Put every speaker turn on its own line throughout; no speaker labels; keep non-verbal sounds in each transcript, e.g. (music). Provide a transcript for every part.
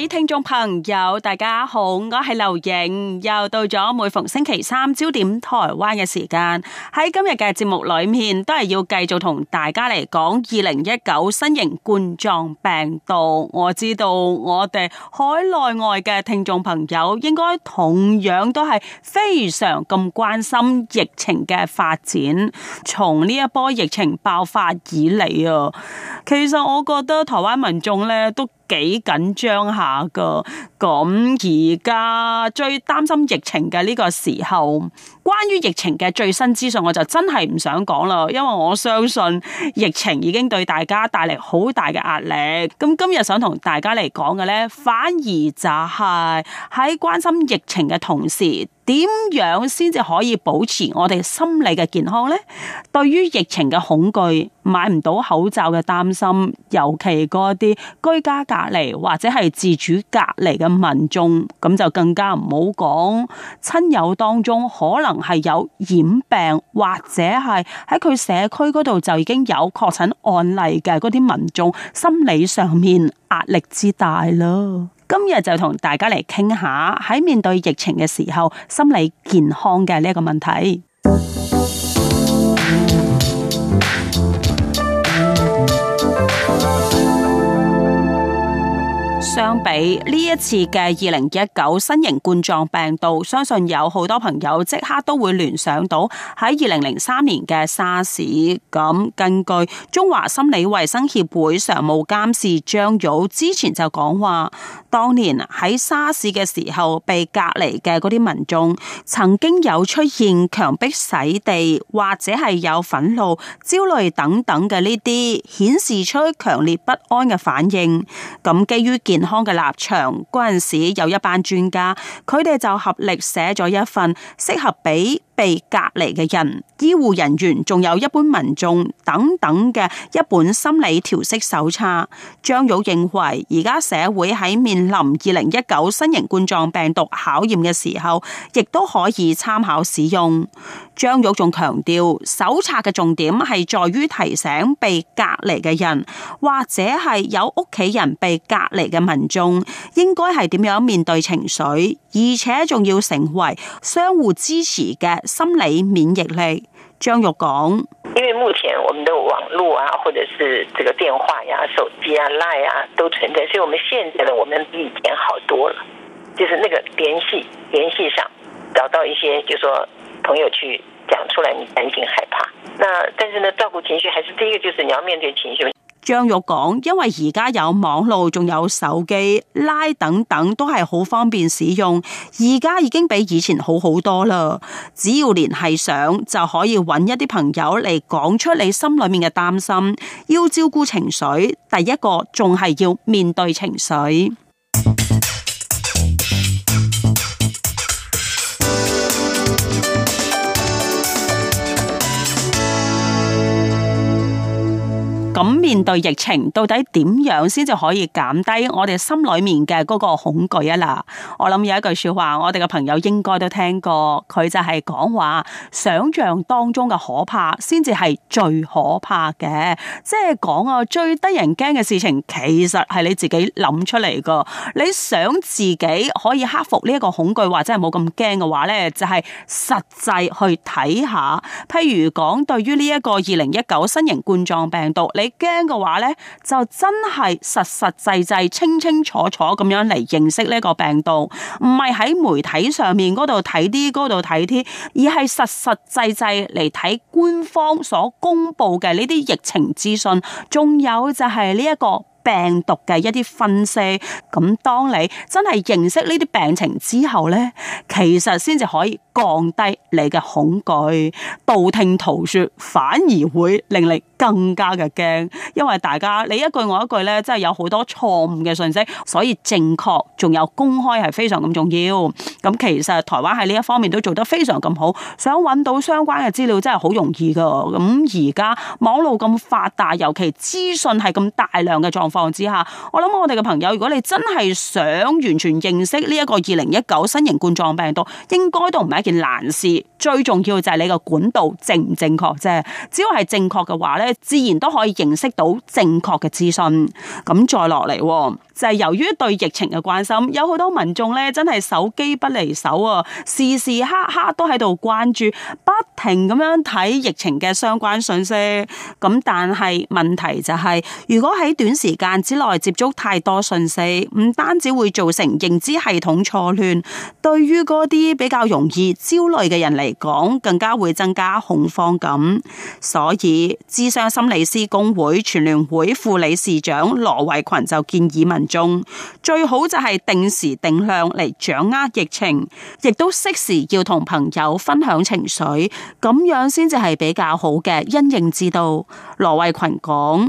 各位聽眾朋友，大家好，我係劉穎，又到咗每逢星期三焦點台灣嘅時間。喺今日嘅節目裏面，都係要繼續同大家嚟講二零一九新型冠狀病毒。我知道我哋海內外嘅聽眾朋友，應該同樣都係非常咁關心疫情嘅發展。從呢一波疫情爆發以嚟啊，其實我覺得台灣民眾咧都，幾緊張下噶～咁而家最擔心疫情嘅呢個時候，關於疫情嘅最新資訊我就真係唔想講啦，因為我相信疫情已經對大家帶嚟好大嘅壓力。咁今日想同大家嚟講嘅咧，反而就係喺關心疫情嘅同時，點樣先至可以保持我哋心理嘅健康咧？對於疫情嘅恐懼，買唔到口罩嘅擔心，尤其啲居家隔離或者係自主隔離嘅。民眾咁就更加唔好講，親友當中可能係有染病或者係喺佢社區嗰度就已經有確診案例嘅嗰啲民眾，心理上面壓力之大咯。今日就同大家嚟傾下喺面對疫情嘅時候，心理健康嘅呢一個問題。相比呢一次嘅二零一九新型冠狀病毒，相信有好多朋友即刻都會聯想到喺二零零三年嘅沙士，咁、嗯、根據中華心理衛生協會常務監事張玉之前就講話，當年喺沙士嘅時候被隔離嘅嗰啲民眾，曾經有出現強迫洗地或者係有憤怒、焦慮等等嘅呢啲，顯示出強烈不安嘅反應。咁、嗯、基於健康。康嘅立場嗰陣時，有一班專家，佢哋就合力寫咗一份適合俾被隔離嘅人、醫護人員仲有一般民眾等等嘅一本心理調適手冊。張玉認為，而家社會喺面臨二零一九新型冠狀病毒考驗嘅時候，亦都可以參考使用。張玉仲強調，手冊嘅重點係在於提醒被隔離嘅人，或者係有屋企人被隔離嘅民眾，應該係點樣面對情緒，而且仲要成為相互支持嘅。心理免疫力，張玉講：因為目前我們的網絡啊，或者是這個電話呀、啊、手機啊、Line 啊都存在，所以我們現在的我們比以前好多了，就是那個聯繫聯繫上，找到一些就說朋友去講出來，你擔心害怕。那但是呢，照顧情緒還是第一個，就是你要面對情緒。張玉講，因為而家有網路，仲有手機、LINE 等等，都係好方便使用。而家已經比以前好好多啦。只要聯繫上，就可以揾一啲朋友嚟講出你心裏面嘅擔心。要照顧情緒，第一個仲係要面對情緒。咁面對疫情，到底點樣先至可以減低我哋心裏面嘅嗰個恐懼啊？啦，我諗有一句說話我哋嘅朋友應該都聽過，佢就係講話想象當中嘅可怕先至係最可怕嘅，即係講啊，最得人驚嘅事情其實係你自己諗出嚟噶。你想自己可以克服呢一個恐懼，或者係冇咁驚嘅話咧，就係、是、實際去睇下，譬如講對於呢一個二零一九新型冠狀病毒，你。驚嘅話呢，就真係實實際際清清楚楚咁樣嚟認識呢個病毒，唔係喺媒體上面嗰度睇啲，嗰度睇啲，而係實實際際嚟睇官方所公布嘅呢啲疫情資訊，仲有就係呢一個病毒嘅一啲分析。咁當你真係認識呢啲病情之後呢，其實先至可以。放低你嘅恐懼，道聽途說反而會令你更加嘅驚，因為大家你一句我一句咧，真係有好多錯誤嘅信息，所以正確仲有公開係非常咁重要。咁其實台灣喺呢一方面都做得非常咁好，想揾到相關嘅資料真係好容易噶。咁而家網路咁發達，尤其資訊係咁大量嘅狀況之下，我諗我哋嘅朋友，如果你真係想完全認識呢一個二零一九新型冠狀病毒，應該都唔係一件。難事，最重要就係你個管道正唔正確啫，只要係正確嘅話咧，自然都可以認識到正確嘅資訊。咁再落嚟就係、是、由於對疫情嘅關心，有好多民眾呢真係手機不離手啊，時時刻刻都喺度關注，不停咁樣睇疫情嘅相關信息。咁但係問題就係、是，如果喺短時間之內接觸太多信息，唔單止會造成認知系統錯亂，對於嗰啲比較容易。焦慮嘅人嚟講，更加會增加恐慌感，所以諮商心理師公會全聯會副理事長羅惠群就建議民眾最好就係定時定量嚟掌握疫情，亦都適時要同朋友分享情緒，咁樣先至係比較好嘅因應之道。羅惠群講。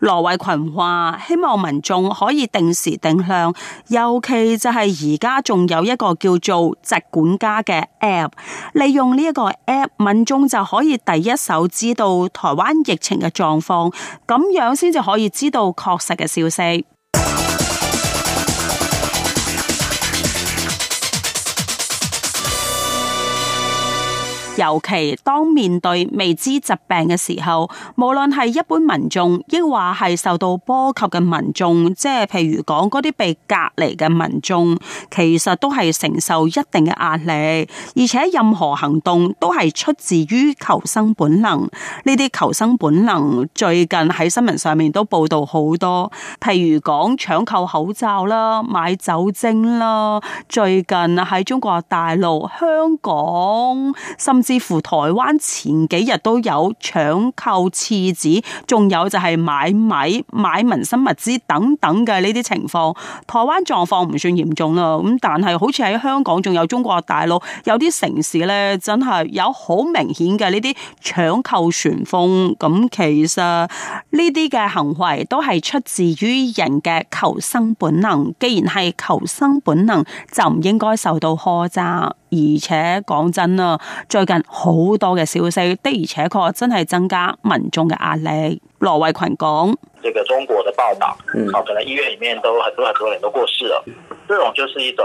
羅惠群話：希望民眾可以定時定量，尤其就係而家仲有一個叫做“疾管家”嘅 app，利用呢一個 app，民眾就可以第一手知道台灣疫情嘅狀況，咁樣先至可以知道確實嘅消息。尤其當面對未知疾病嘅時候，無論係一般民眾，抑或係受到波及嘅民眾，即係譬如講嗰啲被隔離嘅民眾，其實都係承受一定嘅壓力，而且任何行動都係出自於求生本能。呢啲求生本能最近喺新聞上面都報道好多，譬如講搶購口罩啦，買酒精啦。最近喺中國大陸、香港，甚至乎台灣前幾日都有搶購廁紙，仲有就係買米、買民生物資等等嘅呢啲情況。台灣狀況唔算嚴重啦，咁但係好似喺香港，仲有中國大陸有啲城市呢，真係有好明顯嘅呢啲搶購旋風。咁其實呢啲嘅行為都係出自於人嘅求生本能。既然係求生本能，就唔應該受到苛責。而且講真啊，最近好多嘅消息的而且確真係增加民眾嘅壓力。羅慧群講，呢個中國嘅報道，嗯，可能醫院裏面都很多很多人都過世了，這種就是一種，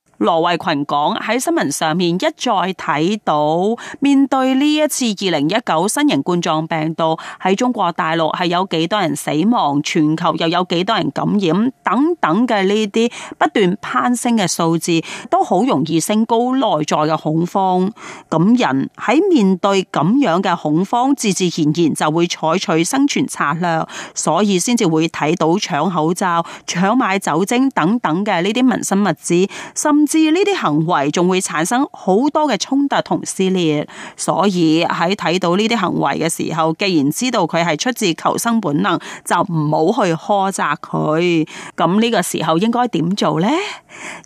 羅慧群講，喺新聞上面一再睇到，面對呢一次二零一九新型冠狀病毒，喺中國大陸係有幾多人死亡，全球又有幾多人感染等等嘅呢啲不斷攀升嘅數字，都好容易升高內在嘅恐慌。咁人喺面對咁樣嘅恐慌，自自然然就會採取生存策略，所以先至會睇到搶口罩、搶買酒精等等嘅呢啲民生物資，甚至。至於呢啲行為，仲會產生好多嘅衝突同撕裂，所以喺睇到呢啲行為嘅時候，既然知道佢係出自求生本能，就唔好去苛責佢。咁呢個時候應該點做呢？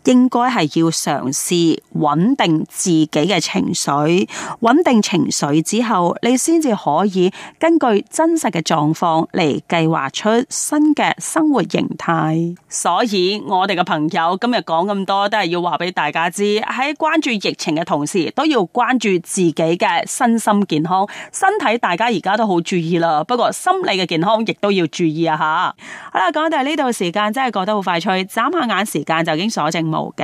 應該係要嘗試穩定自己嘅情緒，穩定情緒之後，你先至可以根據真實嘅狀況嚟計劃出新嘅生活形態。所以我哋嘅朋友今日講咁多，都係要話俾大家知，喺關注疫情嘅同時，都要關注自己嘅身心健康。身體大家而家都好注意啦，不過心理嘅健康亦都要注意啊！吓，好啦，講到呢度時間真係過得好快脆，眨下眼時間就已經。所剩無幾，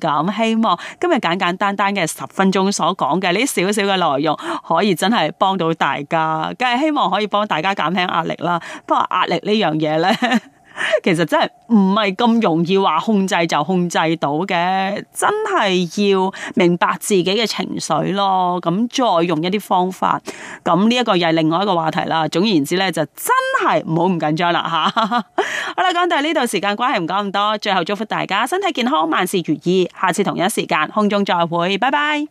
咁希望今日簡簡單單嘅十分鐘所講嘅呢少少嘅內容，可以真係幫到大家，梗係希望可以幫大家減輕壓力啦。不過壓力呢樣嘢咧。 (laughs) 其實真係唔係咁容易話控制就控制到嘅，真係要明白自己嘅情緒咯，咁再用一啲方法。咁呢一個又係另外一個話題啦。總而言之咧，就真係唔好咁緊張啦吓。好啦，講到呢度，時間關係唔講咁多，最後祝福大家身體健康，萬事如意。下次同一時間空中再會，拜拜。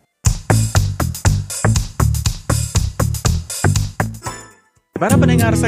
不如我哋講下。